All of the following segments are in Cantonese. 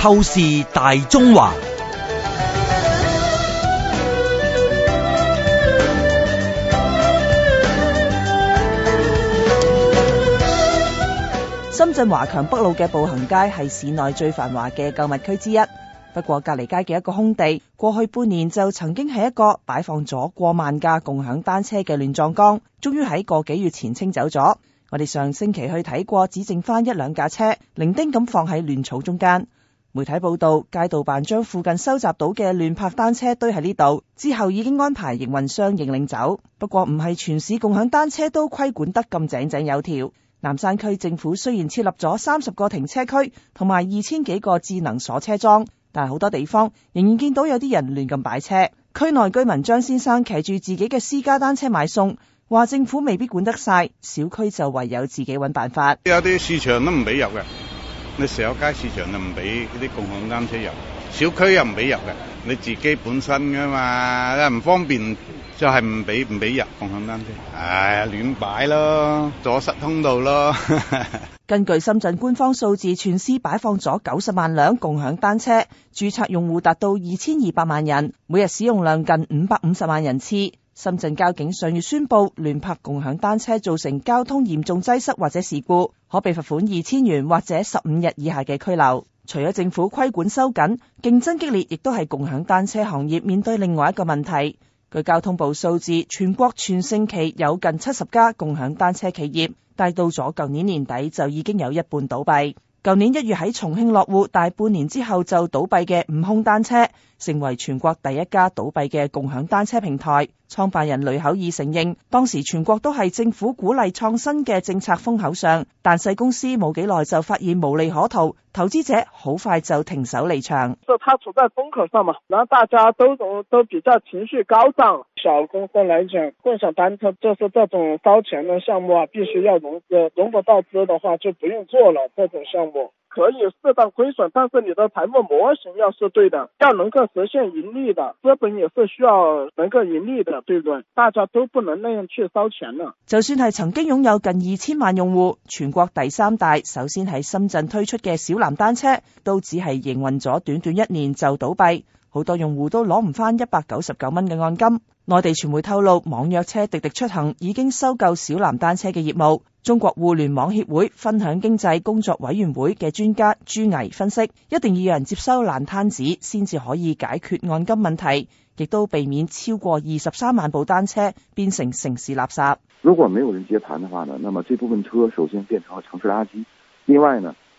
透視大中華，深圳華強北路嘅步行街係市內最繁華嘅購物區之一。不過隔籬街嘅一個空地，過去半年就曾經係一個擺放咗過萬架共享單車嘅亂葬崗，終於喺個幾月前清走咗。我哋上星期去睇過，只剩返一兩架車，零丁咁放喺亂草中間。媒體報道，街道辦將附近收集到嘅亂泊單車堆喺呢度，之後已經安排營運商認領走。不過唔係全市共享單車都規管得咁井井有條。南山區政府雖然設立咗三十個停車區同埋二千幾個智能鎖車樁，但係好多地方仍然見到有啲人亂咁擺車。區內居民張先生騎住自己嘅私家單車買餸，話政府未必管得晒，小區就唯有自己揾辦法。有啲市場都唔俾入嘅。你成個街市場就唔俾嗰啲共享單車入，小區又唔俾入嘅，你自己本身噶嘛，唔方便就係唔俾唔俾入共享單車，唉，亂擺咯，阻塞通道咯。根據深圳官方數字，全市擺放咗九十萬輛共享單車，註冊用戶達到二千二百萬人，每日使用量近五百五十萬人次。深圳交警上月宣布，亂泊共享單車造成交通嚴重擠塞或者事故，可被罰款二千元或者十五日以下嘅拘留。除咗政府規管收緊，競爭激烈，亦都係共享單車行業面對另外一個問題。據交通部數字，全國全盛期有近七十家共享單車企業，但到咗舊年年底就已經有一半倒閉。舊年一月喺重慶落戶，大半年之後就倒閉嘅悟空單車，成為全國第一家倒閉嘅共享單車平台。創辦人雷口義承認，當時全國都係政府鼓勵創新嘅政策風口上，但細公司冇幾耐就發現無利可圖，投資者好快就停手離場。就他處在風口上嘛，然後大家都都都比較情緒高漲。小公司來講，共享單車就是這種燒錢的項目啊，必須要融資，融不到資的話就不用做了。這種項目可以適當虧損，但是你的財務模型要是對的，要能夠實現盈利的，資本也是需要能夠盈利的，對不對？大家都不能那樣去燒錢了。就算係曾經擁有近二千萬用戶，全國第三大，首先喺深圳推出嘅小藍單車，都只係營運咗短短一年就倒閉。好多用戶都攞唔返一百九十九蚊嘅按金，內地傳媒透露，網約車滴滴出行已經收購小藍單車嘅業務。中國互聯網協會分享經濟工作委員會嘅專家朱毅分析，一定要有人接收爛攤子，先至可以解決按金問題，亦都避免超過二十三萬部單車變成城市垃圾。如果沒有人接盤的話呢，那麼這部分車首先變成了城市垃圾，另外呢？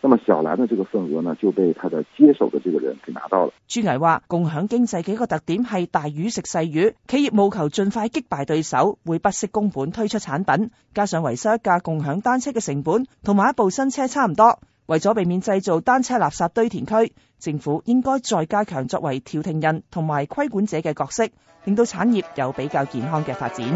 那麼小蘭的這個份額呢，就被他的接手的這個人給拿到了。朱毅話：共享經濟幾個特點係大魚食細魚，企業務求盡快擊敗對手，會不惜工本推出產品。加上維修一架共享單車嘅成本同埋一部新車差唔多，為咗避免製造單車垃圾堆填區，政府應該再加強作為調停人同埋規管者嘅角色，令到產業有比較健康嘅發展。